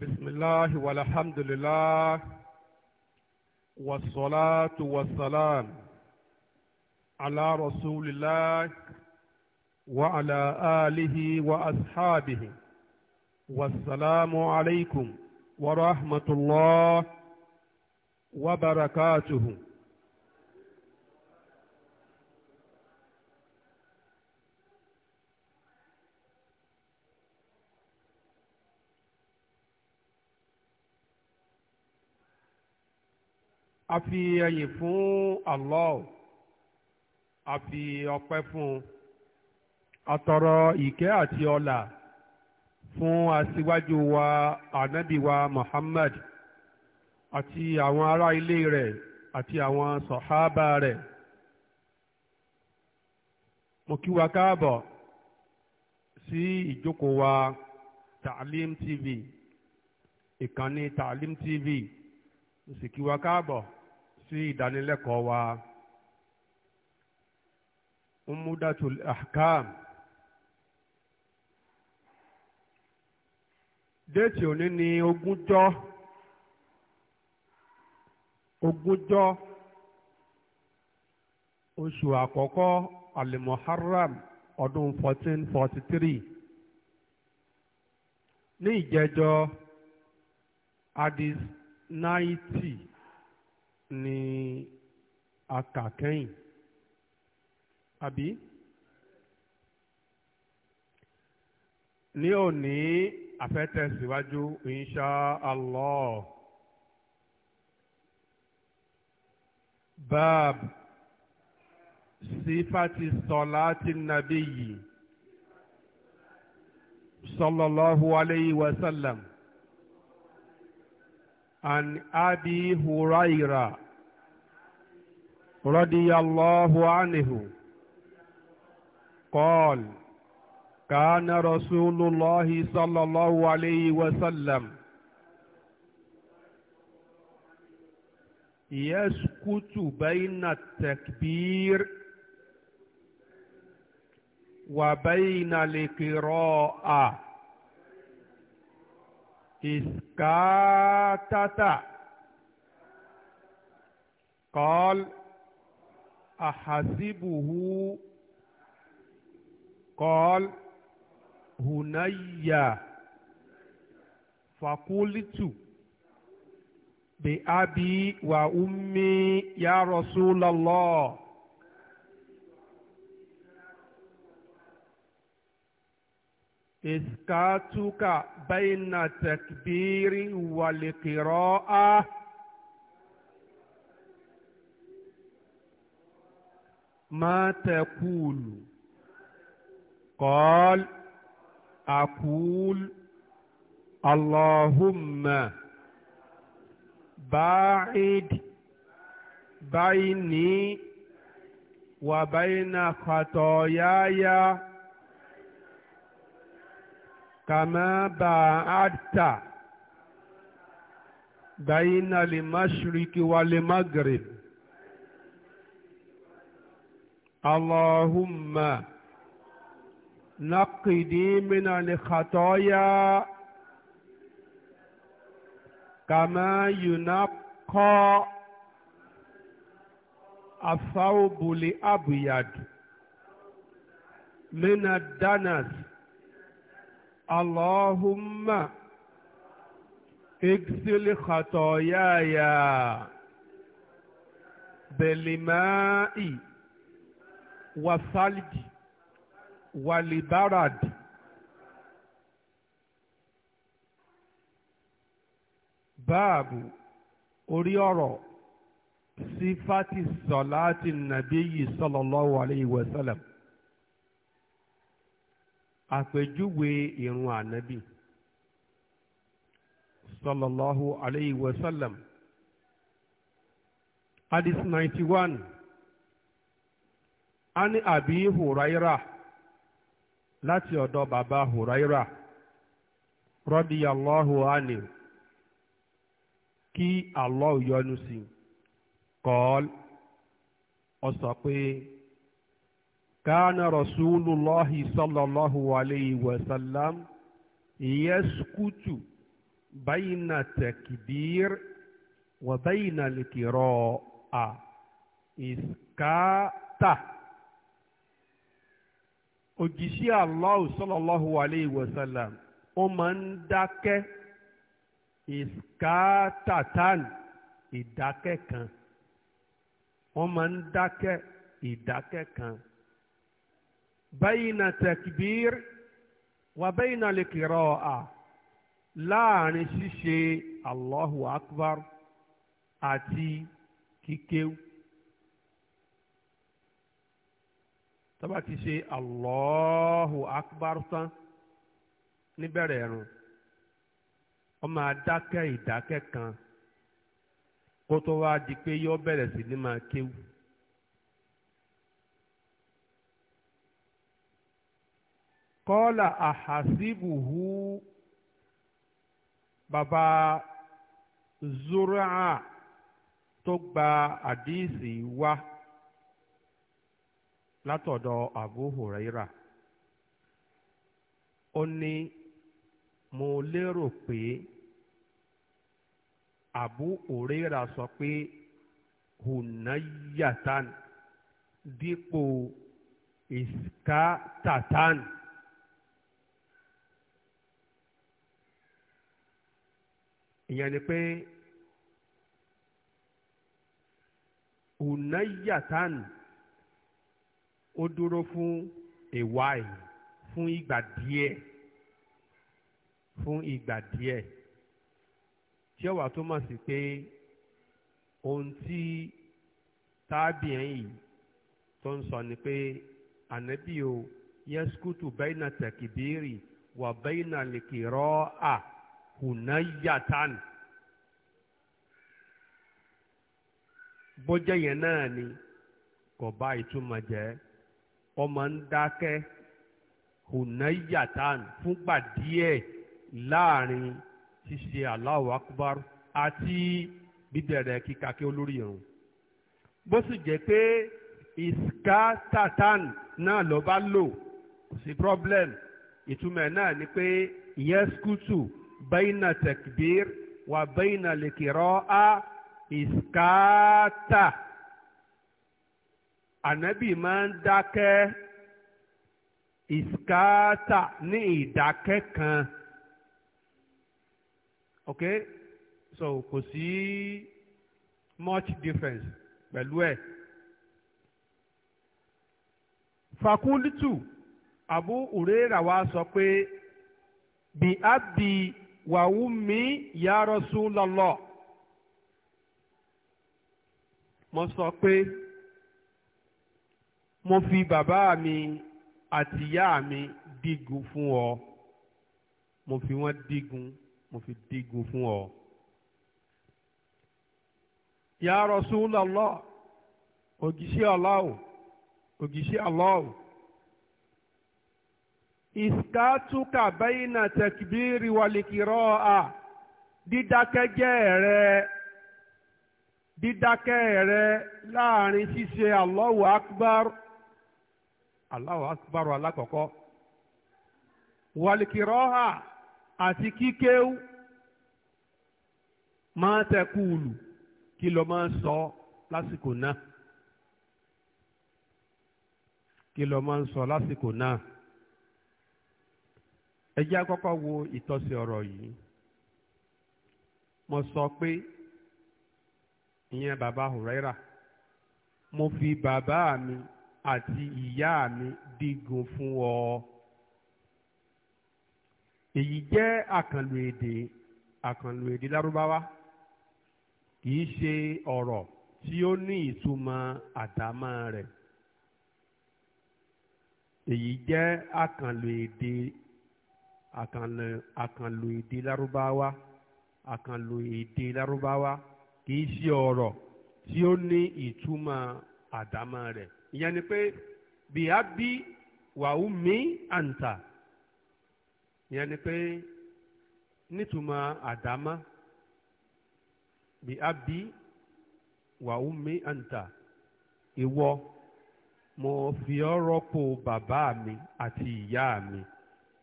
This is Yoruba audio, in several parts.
بسم الله والحمد لله والصلاة والسلام على رسول الله وعلى آله وأصحابه والسلام عليكم ورحمة الله وبركاته a fi fún Allah a fi ọpẹ́ fún un a tọrọ àti ọlà fún aṣíwájú wa ànábì wa Muhammad àti àwọn ará ilé rẹ̀ àti àwọn sọ̀hábà rẹ̀ mo kí wa káàbọ̀ sí ìjókòó wa Ta'lim TV ìkànnì Ta'lim TV mo sì kí wa káàbọ̀ sí ìdánilẹ́kọ̀ọ́ wa umudatul ahkam déètì òní ni ogúnjọ́ ogúnjọ́ oṣù àkọ́kọ́ alimuharram ọdún 1443 forty three ní ìjẹjọ́ hadith ninety ni a kà kẹ́yìn àbí ní òní àfẹ́tẹ̀síwájú insha Allah bab sifati salati nabiyyi sallallahu alayhi wa sallam an abi hurairah رضي الله عنه قال كان رسول الله صلى الله عليه وسلم يسكت بين التكبير وبين القراءة إسكاتة قال أحسبه قال هنيا فقلت بأبي وأمي يا رسول الله إسكاتك بين التكبير والقراءة ما تقول قال أقول اللهم باعد بيني وبين خطاياي كما باعدت بين المشرق والمغرب اللهم نقدي من الخطايا كما ينقى الثوب الأبيض من الدنس اللهم اغسل خطاياي بالماء wasalidi walibaradi báàbù orí ọ̀rọ̀ sífàtì sọ̀láàtì nàbíyì sallallahu alayhi wa sallam àpèjúwe ìrun ànábì sallallahu alayhi wa sallam hadith 91 a ani abi huraira láti ọ̀dọ̀ bàbá huraira rọ́díyàlọ́hù ani kí Allah yọ́nú sí kọ́ọ́l ó sọ pé kánà rasulullahi sallallahu alayhi wa sallam yaskutu bayna takbir wa bayna likiro a iskata. òjíṣẹ́ Allah sallallahu alayhi wa sallam ó máa ń dákẹ́ ìskátàtàn ìdákẹ́ kan wọ́n máa ń dákẹ́ ìdákẹ́ kan bayna takbir wa bayna liqira'a láàrin ṣíṣe Allahu akbar àti kíkéwù. tọ́ba ti ṣe Allahu akbar tán níbẹ̀rẹ̀ ẹ̀rùn ó máa ìdákẹ́ kan kó tó wá di pé yóò bẹ̀rẹ̀ sí ní máa kéwù. bàbá tó gba àdìsí wá. látọ̀dọ̀ Abu Huraira ó ní mo lérò pé Abu Huraira sọ pé hunayatan dípò iskatatan. ìyẹn ni pé hunayatan. ó dúró fún a while fún ìgbà díẹ̀ fún ìgbà díẹ̀ tí ó wà túmọ̀ sí pé ohun tí tábìyàn yìí tó ń sọ ni pé ànábì o yẹskutu bẹ́ẹ̀nà tẹ̀kìbírì wà bẹ́ẹ̀nà lèkìrọ́ à hùnà yàtàn. bó yẹn náà ni kò bá ìtumọ̀ jẹ́ ọmọ ń dákẹ́ hunayatan fúngbà díẹ̀ láàrin ṣíṣe Allahu Akbar àti bíbẹ̀rẹ̀ kíkàkẹ́ olórí irun bó sì jẹ́ pé iskatatan náà ló bá lò kò sí problem ìtumọ̀ náà ni pé yeskutu bayna tekbir wa bayna likiro a iskata. ànábì máa ń dákẹ́ ìskáátà ní ìdákẹ́ kan ok so kò sí much difference pẹ̀lú ẹ̀. fakulitu abu ureira wa sọ pé bí mi wàhùnmí ya lọlọ mo sọ pé. mo fi bàbá mi àti ìyá mi dígun fún ọ mo fi wọ́n dígun mo fi dígun fún ọ. Ya Rasulullah ògìṣẹ́ Allah ògìṣẹ́ Allah ìsítátúkà bẹ́yìnà tẹ̀kìbírì wàlìkìrọ́ à dídákẹ́jẹ́ rẹ dídákẹ́ rẹ láàrin ṣíṣe Allahu akbar. Allahu akbar alákọ̀ọ́kọ́ wàlìkìrọ́hà àti kíkéwù máa tẹ̀kùlù kí ló máa ń sọ lásìkò náà kí ló máa ń sọ lásìkò náà ẹ jẹ́ wo ìtọ́sí ọ̀rọ̀ yìí mo sọ pé ìyẹn bàbá Hùrẹ́rà mo fi bàbá mi àti ìyá mi dígun fún ọ. èyí jẹ́ àkànlò èdè àkànlò èdè lárúbáwá kì í ṣe ọ̀rọ̀ tí ó ní ìtumọ̀ àdámọ́ rẹ̀. èyí jẹ́ àkànlò èdè àkànlò àkànlò èdè lárúbáwá àkànlò èdè lárúbáwá kì ṣe ọ̀rọ̀ tí ó ní ìtumọ̀ àdámọ́ rẹ̀ ìyẹn ni pé bíábí wàhù mí àǹtà ìyẹn ni pé nítumọ̀ àdámá bíábí wàhù mí àǹtà ìwọ mo fi ọ́ rọ́pò bàbá mi àti ìyá mi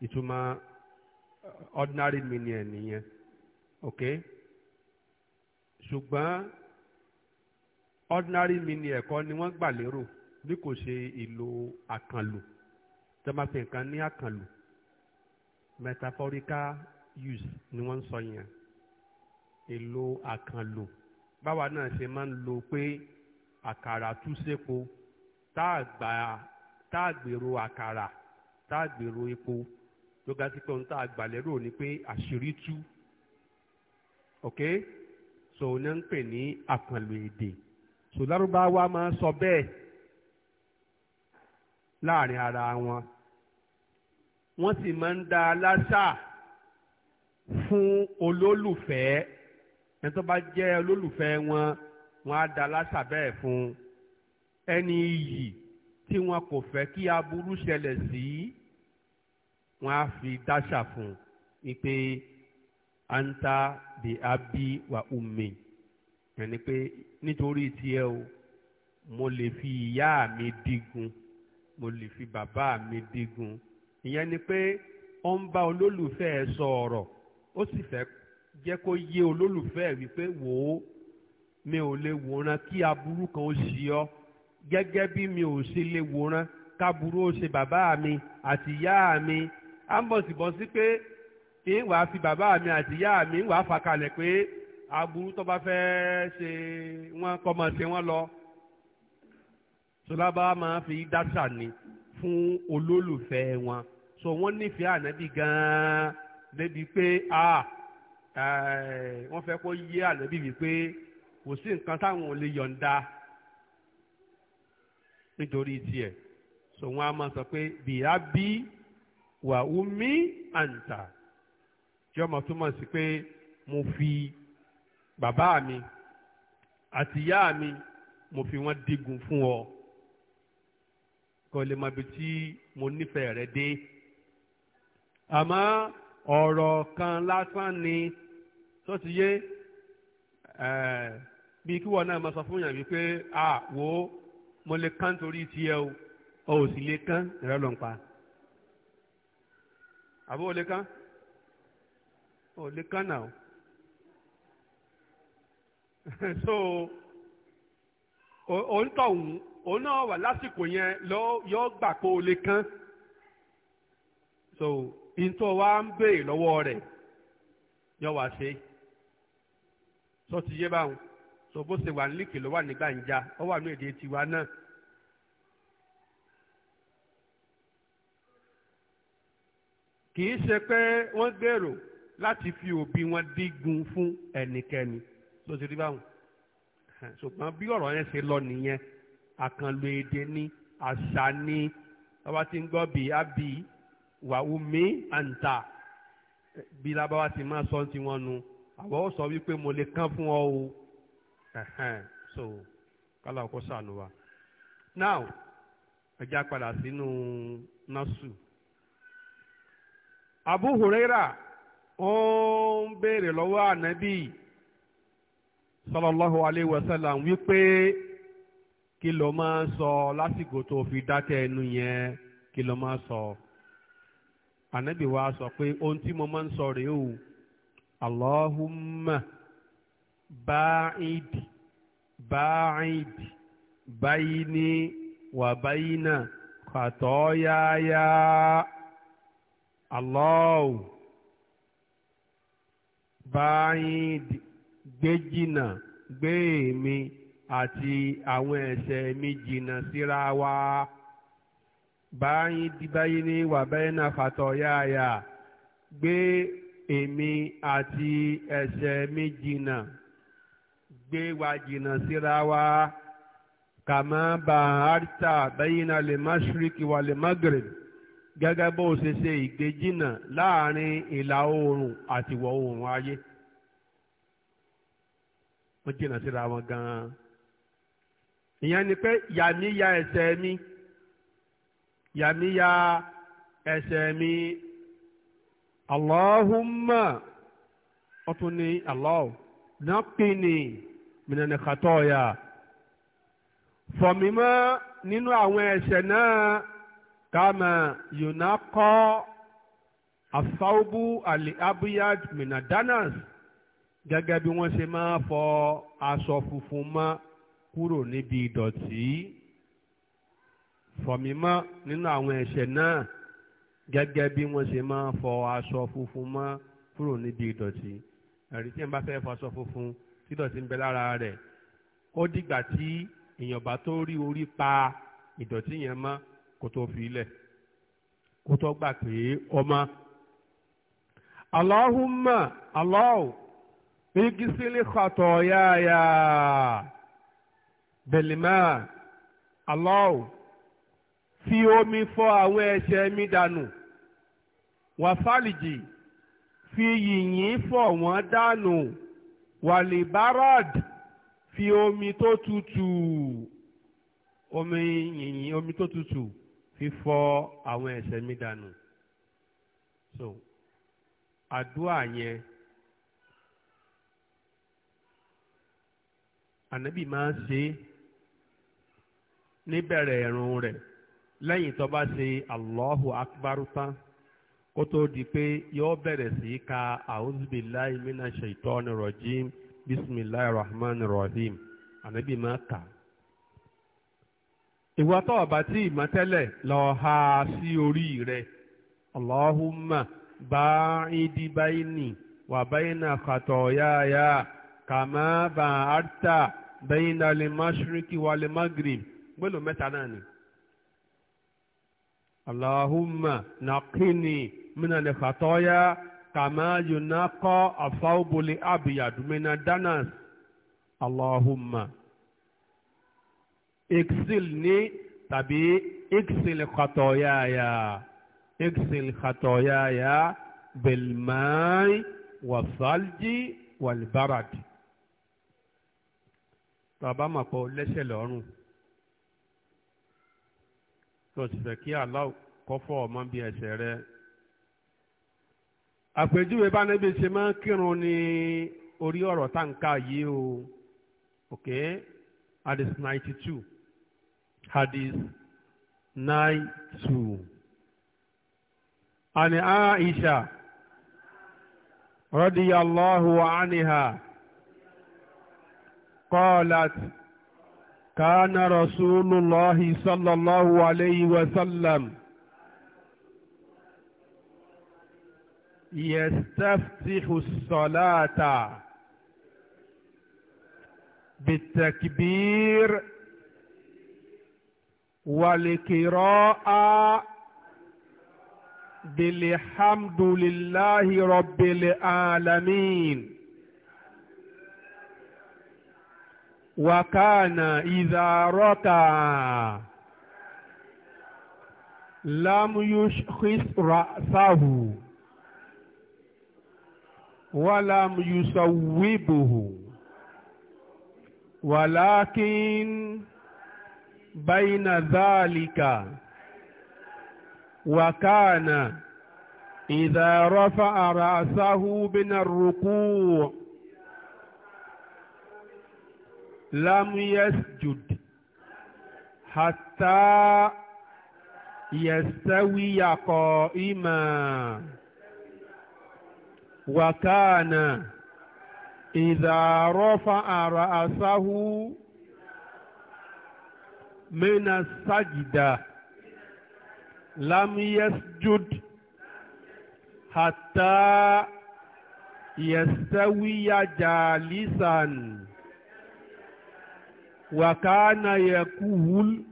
ìtumọ̀ uh, ordinary meaning nìyẹn ok ṣùgbọ́n ordinary meaning ẹ̀kọ́ ni wọ́n gbà lérò bí kò ṣe ìlò àkànlò tó máa fi nǹkan ní àkànlò metaphorical use ni wọ́n ń sọ yẹn èlò àkànlò báwa náà ṣe máa ń lo pé àkàrà tú sépo tá a gbèrò àkàrà tá epo tó ga sí pé ohun tá a gbà lérò ni pé àṣírí tú ok so ní ń pè ní àkànlò èdè so lárúbáwá máa ń sọ bẹ́ẹ̀ láàrin ara wọn wọ́n sì máa ń da aláṣà fún olólùfẹ́ ẹni tó bá jẹ́ olólùfẹ́ wọn wọ́n á da aláṣà bẹ́ẹ̀ fún ẹni iyì tí wọn kò fẹ́ kí aburú ṣẹlẹ̀ sí wọ́n á fi dáṣà fún wípé anta de abi wa umi ẹni pé nítorí tiẹ̀ o mo lè fi ìyá mi digun mo lè fi bàbá mi dígun ìyẹn ni pé ó ń bá olólùfẹ́ ẹ sọ ọ̀rọ̀ ó sì fẹ́ jẹ́ kó yé olólùfẹ́ ẹ wípé wò ó mi ò lè wòran kí aburú kan ó ṣe ọ́ gẹ́gẹ́ bí mi ò ṣe lè wòran káburú ó ṣe bàbá mi àti ìyá mi á ń bọ̀ sí bọ́ sí pé ń wàá fi bàbá mi àti ìyá mi ń wàá fà kalẹ̀ pé aburú tó bá fẹ́ ṣe wọ́n kọ́ mọ̀ ṣe wọ́n lọ sọlábà máa fi dáṣà ni fún olólùfẹ́ wọn so wọ́n nífẹ̀ẹ́ ànábì gan-an débi pé a wọ́n fẹ́ kó yé ànábì wípé kò sí nǹkan táwọn ò lè yọ̀ǹda nítorí tiẹ̀ so wọ́n á máa sọ pé bìyà bí wà umi àǹtà jọmọ túmọ̀ sí pé mo fi bàbá mi àtìyá mi mo fi wọ́n digun fún ọ kó lè mọ ibi tí mo nífẹ̀ẹ́ rẹ dé àmọ́ ọ̀rọ̀ kan lásán ni tó ti yé eh, bí kí wọn náà máa sọ fún yàn wípé à wò ó mo lè kán torí tiẹ̀ o ọ ò sì lè kán ìrẹ́ ló ń pa àbó o lè kán o lè kán náà so òǹtọ̀hún òun náà wà lásìkò yẹn yọ gbà pé o lè kán so ntọ́ wa ń béè lọ́wọ́ rẹ̀ yọ wá ṣe sọ ti yé báwọn so bó ṣe wà nílìkì ló wà ní gbàǹjà ó wà ní èdè tiwa náà. kì í ṣe pé wọ́n gbèrò láti fi òbí wọn dígun fún ẹnikẹ́ni so ti rí báwọn ṣùgbọ́n bí ọ̀rọ̀ yẹn ṣe lọ nìyẹn. àkànlò èdè ni àṣà ni bàbá ti ń gbọ́ bí àbí wàhùnmí àǹtà bí lábáwá ti máa sọ ti wọn nu sọ wípé mo lè kán fún ọ o so kálá ọkọ sànù wa now ẹ padà sínú násù Abu Huraira ó ń béèrè lọ́wọ́ ànábì kí ló máa ń sọ lásìkò tó fi dákẹ́ ẹnu yẹn kí ló máa sọ ànábì wa sọ pé ohun tí mo máa ń sọ rèé o báyìí ba'id ba'id bayni wa bayna khatoyaya Allah ba'id gbé jìnnà gbé èmi. àti àwọn ẹ̀ṣẹ̀ mi jìnnà síra wa báyìí dibáyé ní wàbẹ́yìn náà fàtọ̀ yáàyà gbé èmi àti ẹ̀ṣẹ̀ mi jìnnà gbé wa jìnnà síra wa kàmá bàárítà bẹ́yìn náà lè má ṣíríkì wà lè má gèrè gẹ́gẹ́ bó ṣe ṣe ìgbéjìnà láàrin ìlà oòrùn àti ìwọ̀ oòrùn ayé wọ́n jìnnà síra wọn gan-an ìyẹn ni pé yàmíya ẹ̀ṣẹ̀ mi yàmíya ẹ̀ṣẹ̀ mi Allahumma ọtún ní Allah nàpínì mìnàní kàtọ́ọ̀yà fọ̀ mí mọ́ nínú àwọn ẹ̀ṣẹ̀ náà kàmà yunakọ́ asaubu ali abiyad minadanas gẹ́gẹ́ bí wọ́n ṣe máa fọ aṣọ funfun mọ́. kúrò níbi ìdọ̀tí fọ̀mímọ́ nínú àwọn ẹ̀ṣẹ̀ náà gẹ́gẹ́ bí wọ́n ṣe máa fọ aṣọ funfun mọ́ kúrò níbi ìdọ̀tí ẹ̀rí tí èèyàn bá fẹ́ fọ aṣọ funfun tí ìdọ̀tí ń bẹ lára rẹ̀ ó dìgbà tí èèyàn bá tó rí orí pa ìdọ̀tí yẹn mọ́ kó tó fi lẹ̀ kó tó gbà pé ọmọ. Allahumma Allah igisili khatọyaya. bẹ̀lìmá Allah fi omi fọ àwọn ẹ̀ṣẹ̀ mi dànù wàfàlìjì fi yìnyín fọ wọ́n dànù wàlìbáràd fi omi tó tutù omi yìnyín omi tó tutù fi fọ àwọn ẹ̀ṣẹ̀ mi dànù so àdúrà yẹn. ànábì máa ń ṣe é níbẹ̀rẹ̀ ẹ̀rùn rẹ̀ lẹ́yìn tó bá ṣe allahu akbaru tán kó tó di si yóò bẹ̀rẹ̀ sí í ka auzubillahi minash shaitani rajim bisimilahi rahman rahim ànábì máa kà á. ìwà tó ọ̀bà tí ìmọ̀tẹ́lẹ̀ lọ ha sí orí rẹ̀ allahumma ba'idi bayni wa bayna ya ka ma bayna al-mashriqi wal-maghrib. mélòó mẹ́ta náà ni. Allahumma naqini minal khatoya kama yunaqa afawbuli abiyadu mina danas. Allahumma iksilni tàbí iksil khatoyaya iksil khatoyaya bilmai wasalji walbarad. Bàbá màpọ̀ lẹ́sẹ̀ lọ́rùn. tó sì fẹ́ kí Allah kó fọ́ ọmọ bí ẹsẹ̀ rẹ. àpèjúwe bá níbi ṣe máa ń kírun ní orí ọ̀rọ̀ tá yìí o ok hadith ninety two hadith nine two. عن عائشة radiyallahu الله عنها كان رسول الله صلى الله عليه وسلم يستفتح الصلاة بالتكبير والقراءة بالحمد لله رب العالمين وكان إذا ركع لم يشخص رأسه ولم يصوبه ولكن بين ذلك وكان إذا رفع رأسه من الركوع لم يسجد حتى يستوي قائما وكان إذا رفع رأسه من السجدة لم يسجد حتى يستوي جالساً وكان يقول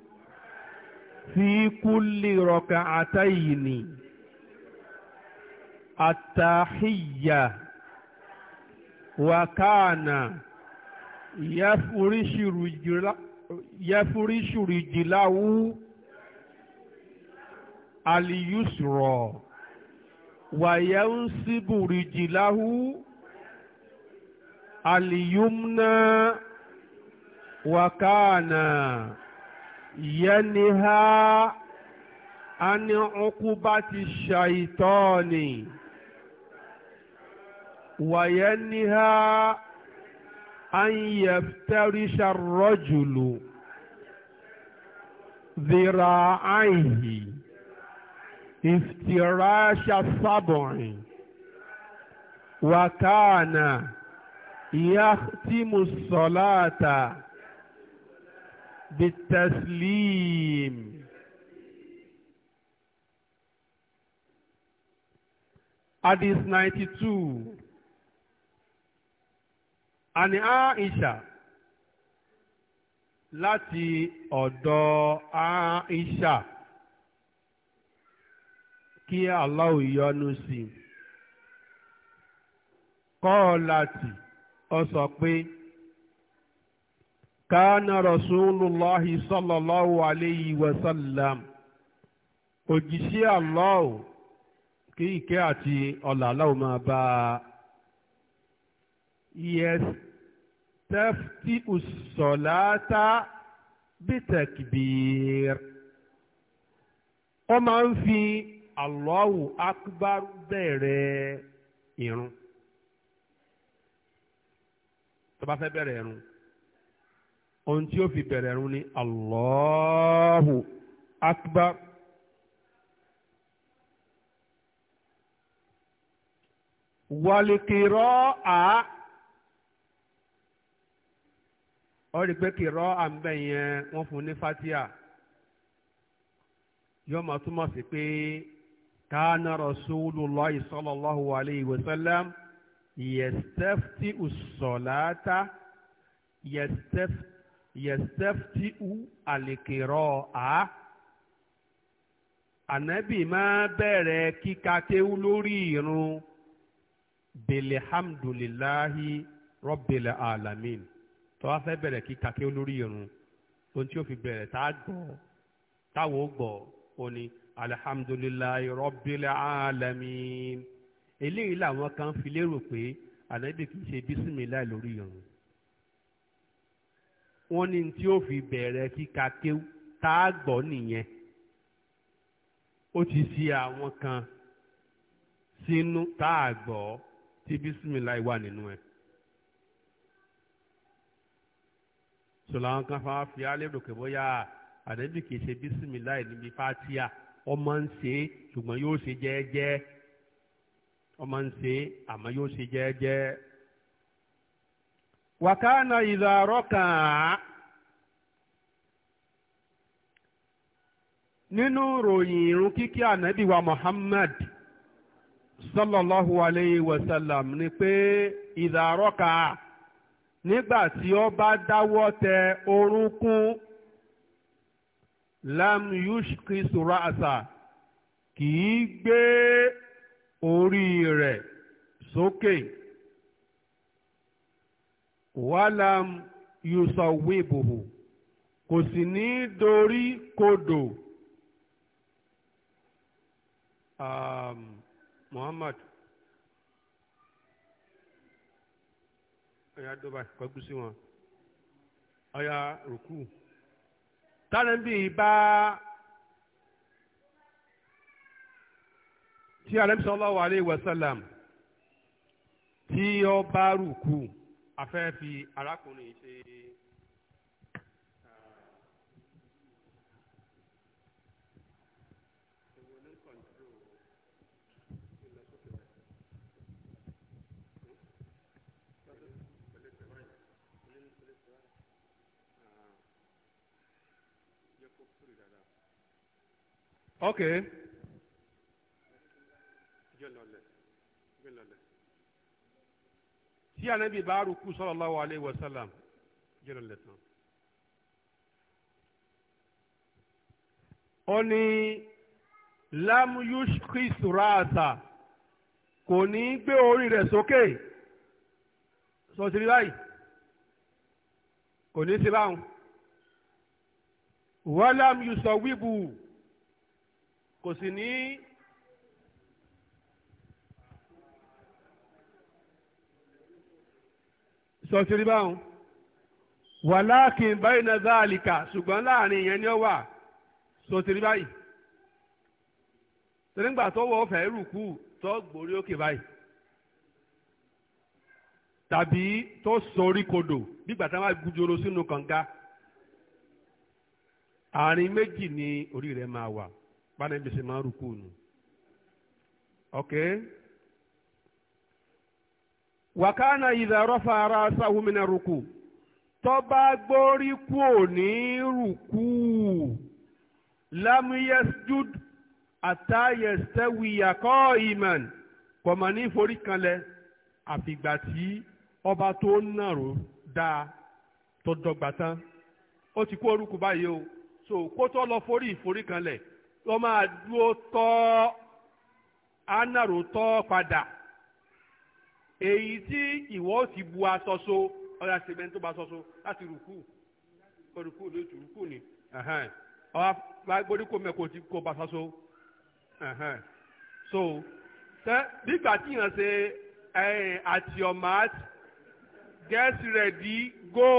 في كل ركعتين التحية وكان يفرش رجلا يفرش رجله اليسرى وينصب رجله اليمنى wàkánà yẹnihá ani ukubati ṣàìtọ́ọ̀nì wàyẹnihá anyẹ̀ftẹ́ríṣà rọ́jùlù ذراعيه افتراش السبع وكان يختم الصلاه بالتسليم حديث 92 عن عائشة láti ọ̀dọ̀ Aisha kí Allah yọ́nú sí i kọ́ ọ láti ọ sọ pé. kana rasulullahi sallallahu alayhi wa sallam òjíṣẹ́ Allah kí ìkẹ́ àti ọlà aláwọ̀ máa bá a yẹstẹ́fì ùsọ̀láta bìtẹ̀kìbìr ó máa ń fi Allahu ohun tí ó fi bẹ̀rẹ̀ run ni Allahu Akbar. wàlìkìrọ́ à ó rí i pé kìrọ́ à ń bẹ̀ yẹn wọ́n fún ní fatia yóò máa túmọ̀ sí pé kánà rasulullah sallallahu alayhi wa sallam yẹstẹ́fti usọ̀láta yẹstẹ́fti yẹsẹftiu àlèkèrọ a ànábì máa bẹ̀rẹ̀ kíka kéwú lórí irun bilhamdulilahi rọ́bìl alamin tó wá fẹ́ bẹ̀rẹ̀ kíka kéwú lórí irun ohun tí ó fi bẹ̀rẹ̀ tá a gbọ́ táwọn ó gbọ́ ó ní alihamdulilayi rọ́bìlẹ̀ alamin eléyìí làwọn kan fi pé ànábì kì í ṣe bísímìlá lórí irun wọ́n ní tí ó fi bẹ̀rẹ̀ kíka kéwú tá a gbọ́ nìyẹn ó ti ṣe àwọn kan sínú tá a gbọ́ tí bísímìláì wà nínú ẹ̀. sọlá wọn kan fáwọn fi alẹ́ lòkè bóyá àdébì kìí ṣe bísímìláì níbi fátíà ọmọ ń ṣe ṣùgbọ́n yóò ṣe jẹ́ẹ́jẹ́ ọmọ ń ṣe àmọ́ yóò ṣe jẹ́ẹ́jẹ́. wàkánà ìdàrọ́ kàn á nínú ròyìn irun kíkí ànábì Muhammad sallallahu alayhi wa sallam ni pé ìdàrọ́ kàn á nígbà tí ó bá dáwọ́ tẹ orúnkún lam yusuf sura asa ki gbe ori orí rẹ̀ sókè. Walam yusọ̀wébùhù kò sì ní dorí kodò um, Muhammad ọ̀yà dọ́bà kọ́gbú sí wọn ọ̀yà rùkú tánàbí bá tí alẹ́bísọ́lọ́wà alayhi wa tí a fẹ́ fi arákùnrin ṣe Okay. Gbé lọlẹ̀. Gbé lọlẹ̀. tí anabi bá rúkú sallallahu alayhi wa sallam jẹ́rọ lẹ́tàn. ó ní lam yushki surata kò ní gbé orí rẹ̀ sókè sọ̀tìrì báyìí kò ní sí báwọn. walam yusawibu kò sì ní sọ̀tìrì báwọn wàláàkìn báyìí náà záàlìkà ṣùgbọ́n láàrin ìyẹn ni ó wà sọ̀tìrì báyìí tẹ̀léǹgbà tó wọ́ fẹ́ rùkú tó gbórí òkè báyìí tàbí tó sọrí kodò nígbà tá a máa gbujoro sínú kànga àárín méjì ni orí rẹ̀ máa wà bá bí ṣe máa rùkú nù. Okay wàkánà ìdàrọ́fà ara sáhùmínà rúkú tó bá gbórí kúò ní rúkú lámúyẹ́sjúd àtàyẹ̀sẹ́wìyàkọ́ ìmàn kọ̀mọ̀ ní forí kanlẹ̀ àfìgbà tí ọba tó nàró dáa tó dọ́gba tán ó ti kó orúkú báyìí o so kó tó lọ forí ìforí kanlẹ̀ lọ́ máa dúró tọ́ á nàró tọ́ padà èyí tí ìwọ ti bu aṣọ so ọ̀rẹ́ àṣẹbẹ̀ tó bá aṣọ so láti rùkú rùkú ló tù rùkú ni ọ̀rẹ́ agbórí kò mẹ́kò tí bá aṣọ so so tẹ nígbà tí yàn ṣe at your mat get ready go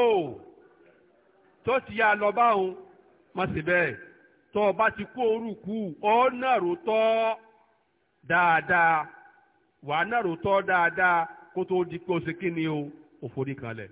tó ti yá lọ báwọn má ṣe bẹ́ẹ̀ tó o bá ti kó orúkú ọ̀nà rò tọ́ dáadáa wàá nàró tọ́ dáadáa kó tó di pé o ṣe kí ni o ò kan lẹ̀.